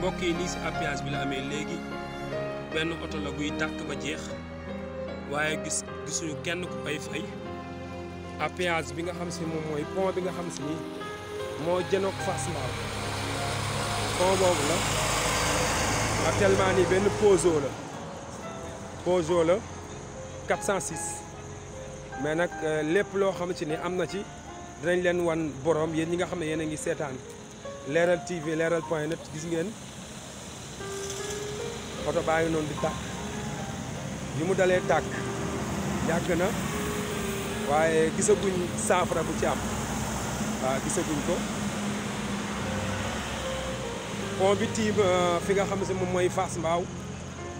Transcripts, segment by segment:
mbokk yi lii si appuyage bi la amee léegi benn oto la buy tàkk ba jeex waaye gis gisuñu kenn ku koy fay appuyage bi nga xam si moom mooy pont bi nga xam si ni moo jën Fass Mbaw pont boobu la actuellement nii benn Peugeot la Peugeot la 406 mais nag euh, lépp loo xam ci ni am na ci danañ leen wan borom yéen ñi nga xam ne yéen a ngi seetaan leeral TV leeral point net gis ngeen oto baa ngi noonu di tàkk bi mu dalee tàkk yàgg na waaye gisaguñ saafara bu ci am waaw gisaguñ ko pont bi tiim euh, fi nga xam ne moom mooy Fass Mbao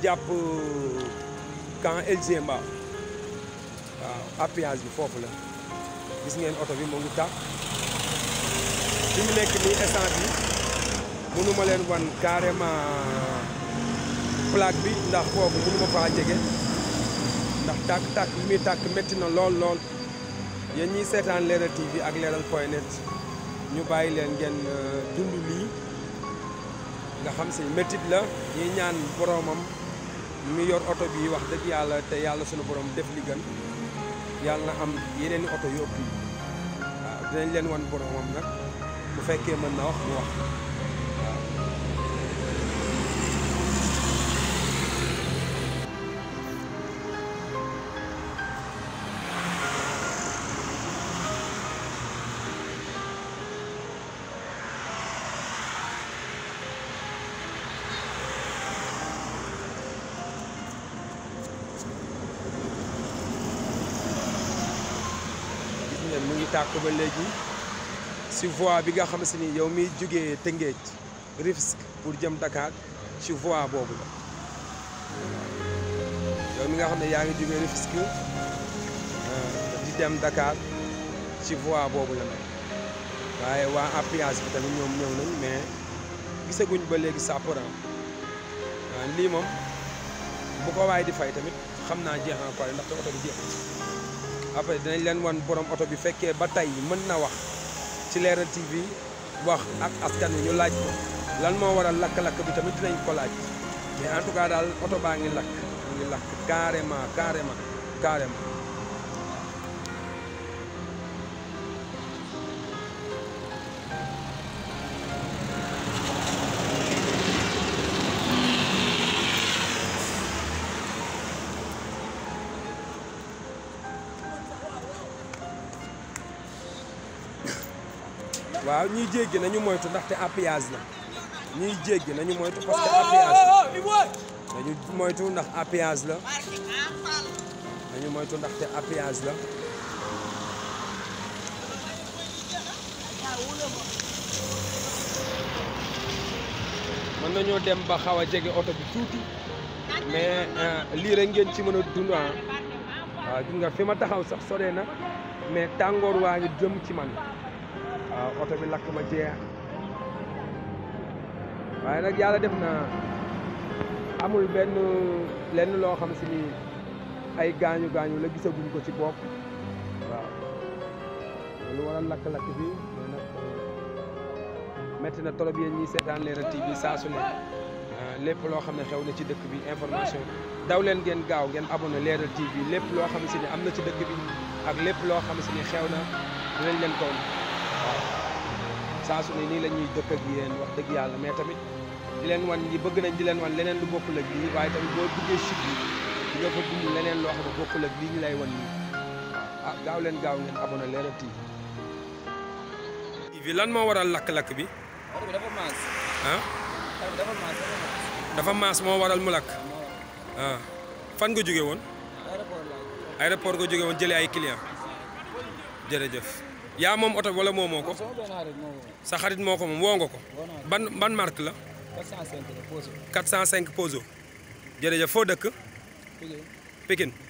jàpp euh, camp Elgin mbaaw waaw appuyage bi foofu la gis ngeen oto bi mu ngi tàkk fi mu nekk nii essence bi mënu ma leen wan carrément plaque bi ndax foofu mënu ma faa jege ndax tàkk-tàkk bi muy tàkk métti na lool lool yéen ñiy seetaan Leral TV ak Leral point ñu bàyyi leen ngeen euh, dund lii nga xam si mettit la ñuy ñaan boromam mi yor oto bi wax dëgg yàlla te yàlla sunu borom def li gën yàlla na am yeneen i oto yu ëpp yi waaw leen wan boromam nag bu fekkee mën na wax mu wax mu ngi tàkk ba léegi si voie bi nga xam si ni yow miy jógee Tëngéej Rufisque pour jëm Dakar ci voie boobu la yow nga xam ne yaa ngi jógee Rufisque euh, di dem Dakar ci boobu la waaye waa appuyage bi tamit ñoom ñëw nañ mais gisaguñ ba léegi sapporam euh, lii moom bu ko waaye di fay tamit xam naa jeex na quoi ndaxte oto bi jeex après dinañ leen wan borom oto bi fekkee ba tey mën na wax ci Leral bi wax ak askan wi ñu laaj ko lan moo waral lakk-lakk bi tamit dinañ ko laaj mais en tout cas daal oto baa ngi lakk mu ngi lakk carrément carrément carrément. waaw ñuy jéggi nañu moytu ndax ndaxte appuyage la ñuy jéggi nañu moytu parce que appuyage la nañu moytu ndax appuyage la nañu moytu ndaxte appuyage la mën nañoo dem ba xaw a jege oto bi tuuti mais euh, lii rek ngeen ci mën a dund ah. waaw gis nga fi ma taxaw sax sore na mais tàngoor waa ngi jëm ci man waaw oto bi lakk ma jeex waaye nag yàlla def na amul benn lenn loo xam si ni ay gaañu gaañu la gisaguñ ko ci bopp waaw lu war a lakk-lakk bi mais euh, na trop yéen ñiy seetaan Leral TV saa su ne euh, lépp loo xam ne xew na ci dëkk bi information daw leen ngeen gaaw ngeen abonné Leral TV lépp loo xam si ne am na ci dëkk bi ak lépp loo xam si ne xew na dinañ leen ko saa su nii la ñuy dëkk ak yéen wax dëgg yàlla mais tamit di leen wan ñi bëgg nañ di leen wan leneen lu bokkul ak lii waaye tamit boo duggee chute bi nga fa dund leneen loo xam ne bokkul ak ñu lay wan nii ah gaaw leen gaaw ngeen abonné Leral TV. bi lan moo waral lakk-lakk bi. dafa maas. moo waral mu lakk. Ah. fan nga jóge woon. aéroport nga jóge woon jëlee ay clients jërëjëf. yaa moom oto bi wala moomoo ko. sa xarit moo ko moom woo nga ko. ban ban marque la. 405 Peugeot. 405 foo dëkk. Pikine.